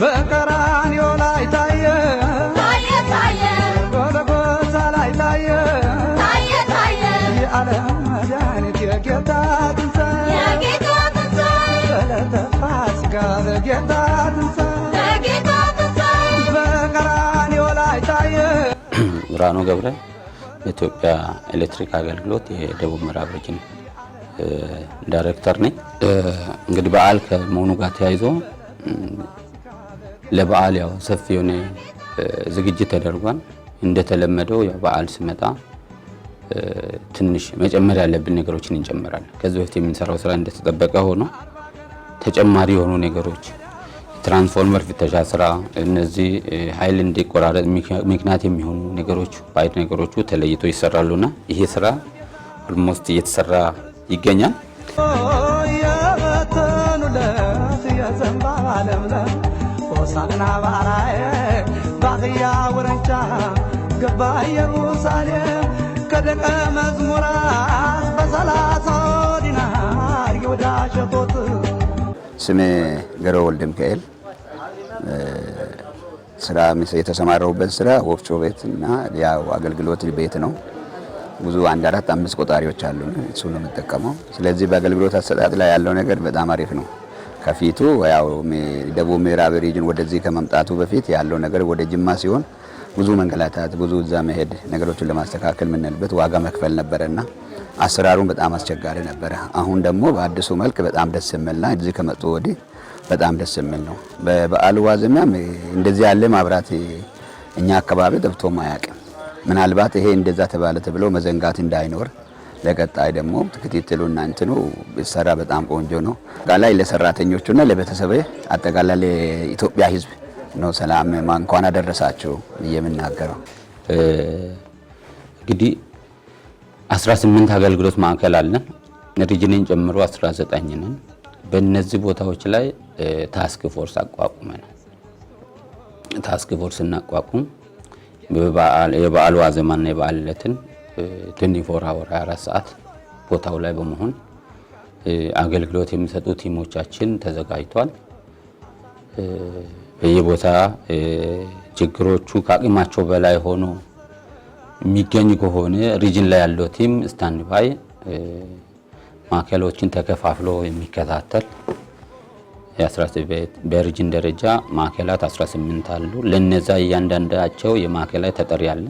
በቀራንዮ ላይ ታየ ታየ ጎልጎታ ላይ ታየ ታየ ታየ የዓለም መድኃኒት የጌታ ትንሣኤ የጌታ ትንሣኤ በዕለተ ፋሲካ በጌታ ትንሣኤ በጌታ ትንሣኤ በቀራንዮ ላይ ታየ። ብርሃኑ ገብረ የኢትዮጵያ ኤሌክትሪክ አገልግሎት የደቡብ ምዕራብ ሪጅን ዳይሬክተር ነኝ። እንግዲህ በዓል ከመሆኑ ጋር ተያይዞ ለበዓል ያው ሰፊ የሆነ ዝግጅት ተደርጓል። እንደተለመደው ያው በዓል ስመጣ ትንሽ መጨመር ያለብን ነገሮችን እንጨምራለን። ከዚህ በፊት የምንሰራው ስራ እንደተጠበቀ ሆኖ ተጨማሪ የሆኑ ነገሮች ትራንስፎርመር ፍተሻ ስራ፣ እነዚህ ኃይል እንዲቆራረጥ ምክንያት የሚሆኑ ነገሮች ባይድ ነገሮቹ ተለይቶ ይሰራሉና ይሄ ስራ ኦልሞስት እየተሰራ ይገኛል። ሳቅና ባራዬ ባሕያ ውረንጫ ገባ ኢየሩሳሌም ከደቀ መዝሙራት በሰላሳው ዲናር ይሁዳ ሸጦት። ስሜ ገረው ወልደ ሚካኤል ስራ የተሰማራሁበት ስራ ወፍጮ ቤት እና ያው አገልግሎት ቤት ነው። ብዙ አንድ አራት አምስት ቆጣሪዎች አሉ፣ እሱ ነው የምጠቀመው። ስለዚህ በአገልግሎት አሰጣጥ ላይ ያለው ነገር በጣም አሪፍ ነው። ከፊቱ ያው ደቡብ ምዕራብ ሪጅን ወደዚህ ከመምጣቱ በፊት ያለው ነገር ወደ ጅማ ሲሆን ብዙ መንገላታት፣ ብዙ እዛ መሄድ፣ ነገሮችን ለማስተካከል የምንልበት ዋጋ መክፈል ነበረና አሰራሩን በጣም አስቸጋሪ ነበረ። አሁን ደግሞ በአዲሱ መልክ በጣም ደስ የሚልና እዚህ ከመጡ ወዲህ በጣም ደስ የሚል ነው። በበዓሉ ዋዜማም እንደዚህ ያለ ማብራት እኛ አካባቢ ጠብቶም አያውቅም። ምናልባት ይሄ እንደዛ ተባለ ተብሎ መዘንጋት እንዳይኖር ለቀጣይ ደግሞ ክትትሉና እንትኑ ሰራ በጣም ቆንጆ ነው። አጠቃላይ ለሰራተኞቹና ለቤተሰብ አጠቃላይ ለኢትዮጵያ ሕዝብ ነው ሰላም እንኳን አደረሳችሁ የምናገረው። እንግዲህ 18 አገልግሎት ማዕከል አለ ሪጅንን ጨምሮ 19 ነን። በእነዚህ ቦታዎች ላይ ታስክ ፎርስ አቋቁመናል። ታስክ ፎርስ እናቋቁም የበዓል ዋዜማና የበዓል ዕለትን ትዌንቲፎር አወር 24 ሰዓት ቦታው ላይ በመሆን አገልግሎት የሚሰጡ ቲሞቻችን ተዘጋጅቷል። በየቦታ ችግሮቹ ከአቅማቸው በላይ ሆኖ የሚገኝ ከሆነ ሪጅን ላይ ያለው ቲም ስታንድ ባይ ማዕከሎችን ተከፋፍሎ የሚከታተል በሪጅን ደረጃ ማዕከላት 18 አሉ። ለነዛ እያንዳንዳቸው የማዕከላት ተጠሪ አለ።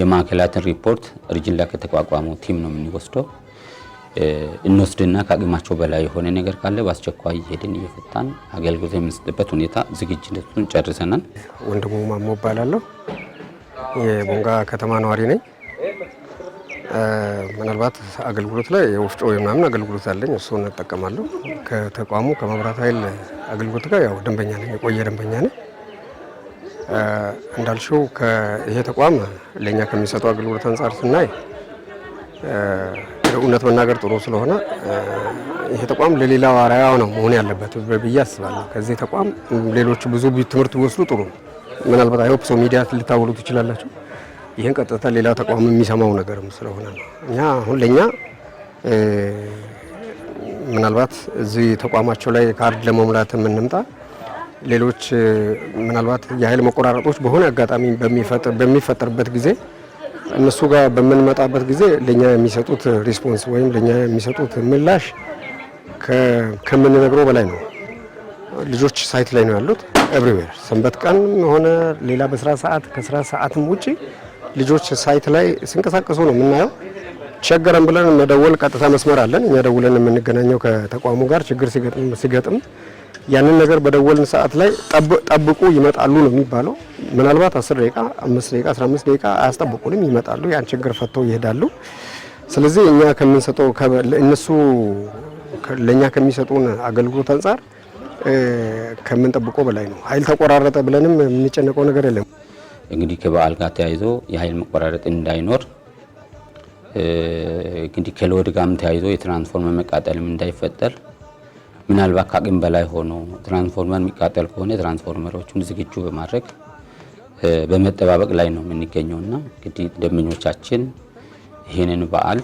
የማዕከላትን ሪፖርት እርጅን ላይ ከተቋቋመው ቲም ነው የምንወስደው። እንወስድና ከአቅማቸው በላይ የሆነ ነገር ካለ በአስቸኳይ እየሄድን እየፈታን አገልግሎት የምንሰጥበት ሁኔታ ዝግጅነቱን ጨርሰናል። ወንድሙ ማሞ እባላለሁ። የቦንጋ ከተማ ነዋሪ ነኝ። ምናልባት አገልግሎት ላይ የወፍጮ ምናምን አገልግሎት አለኝ፣ እሱን እጠቀማለሁ። ከተቋሙ ከመብራት ኃይል አገልግሎት ጋር ያው ደንበኛ ነኝ፣ የቆየ ደንበኛ ነኝ። እንዳልሽው ይሄ ተቋም ለእኛ ከሚሰጠው አገልግሎት አንጻር ስናይ እውነት መናገር ጥሩ ስለሆነ ይሄ ተቋም ለሌላው አርአያ ነው መሆን ያለበት ብዬ አስባለሁ። ከዚህ ተቋም ሌሎች ብዙ ትምህርት ቢወስዱ ጥሩ ነው። ምናልባት አይሆፕ ሰው ሚዲያ ልታውሉ ትችላላችሁ። ይህን ቀጥታ ሌላ ተቋም የሚሰማው ነገርም ስለሆነ ነው። እኛ አሁን ለእኛ ምናልባት እዚህ ተቋማቸው ላይ ካርድ ለመሙላት የምንምጣ ሌሎች ምናልባት የኃይል መቆራረጦች በሆነ አጋጣሚ በሚፈጠርበት ጊዜ እነሱ ጋር በምንመጣበት ጊዜ ለእኛ የሚሰጡት ሪስፖንስ ወይም ለእኛ የሚሰጡት ምላሽ ከምንነግረው በላይ ነው። ልጆች ሳይት ላይ ነው ያሉት ኤቭሪዌር፣ ሰንበት ቀን ሆነ ሌላ በስራ ሰዓት ከስራ ሰዓትም ውጭ ልጆች ሳይት ላይ ሲንቀሳቀሱ ነው የምናየው። ቸገረን ብለን መደወል ቀጥታ መስመር አለን እኛ ደውለን የምንገናኘው ከተቋሙ ጋር ችግር ሲገጥም ያንን ነገር በደወልን ሰዓት ላይ ጠብቁ ይመጣሉ ነው የሚባለው። ምናልባት 10 ደቂቃ፣ 5 ደቂቃ፣ 15 ደቂቃ አያስጠብቁንም፣ ይመጣሉ። ያን ችግር ፈተው ይሄዳሉ። ስለዚህ እኛ ከምንሰጠው እነሱ ለእኛ ከሚሰጡን አገልግሎት አንጻር ከምንጠብቀው በላይ ነው። ኃይል ተቆራረጠ ብለንም የምንጨነቀው ነገር የለም። እንግዲህ ከበዓል ጋር ተያይዞ የኃይል መቆራረጥ እንዳይኖር እንግዲህ ከለወድ ጋርም ተያይዞ የትራንስፎርመር መቃጠልም እንዳይፈጠር ምናልባት ከአቅም በላይ ሆኖ ትራንስፎርመር የሚቃጠል ከሆነ ትራንስፎርመሮቹን ዝግጁ በማድረግ በመጠባበቅ ላይ ነው የምንገኘው እና እንግዲህ ደንበኞቻችን ይህንን በዓል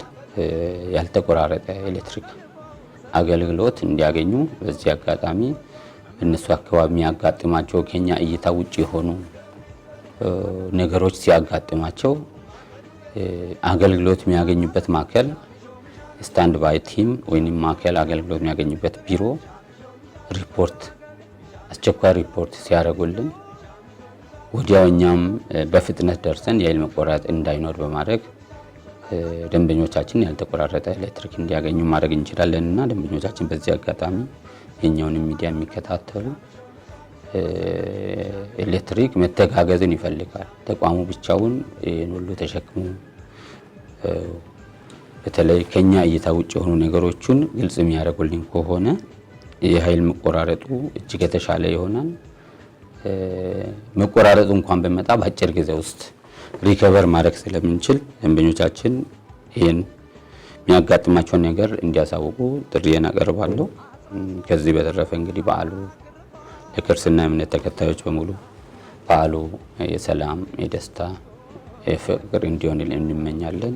ያልተቆራረጠ ኤሌክትሪክ አገልግሎት እንዲያገኙ በዚህ አጋጣሚ እነሱ አካባቢ የሚያጋጥማቸው ከኛ እይታ ውጭ የሆኑ ነገሮች ሲያጋጥማቸው አገልግሎት የሚያገኙበት ማዕከል ስታንድ ባይ ቲም ወይም ማዕከል አገልግሎት የሚያገኝበት ቢሮ ሪፖርት አስቸኳይ ሪፖርት ሲያደርጉልን ወዲያው እኛም በፍጥነት ደርሰን የኃይል መቆራረጥ እንዳይኖር በማድረግ ደንበኞቻችን ያልተቆራረጠ ኤሌክትሪክ እንዲያገኙ ማድረግ እንችላለን እና ደንበኞቻችን በዚህ አጋጣሚ የኛውንም ሚዲያ የሚከታተሉ ኤሌክትሪክ መተጋገዝን ይፈልጋል። ተቋሙ ብቻውን ሁሉ ተሸክሞ በተለይ ከኛ እይታ ውጭ የሆኑ ነገሮችን ግልጽ የሚያደርጉልኝ ከሆነ የኃይል መቆራረጡ እጅግ የተሻለ ይሆናል። መቆራረጡ እንኳን በመጣ በአጭር ጊዜ ውስጥ ሪከቨር ማድረግ ስለምንችል ደንበኞቻችን ይህን የሚያጋጥማቸውን ነገር እንዲያሳውቁ ጥሪዬን አቀርባለሁ። ከዚህ በተረፈ እንግዲህ በዓሉ ለክርስትና እምነት ተከታዮች በሙሉ በዓሉ የሰላም፣ የደስታ፣ የፍቅር እንዲሆን እንመኛለን።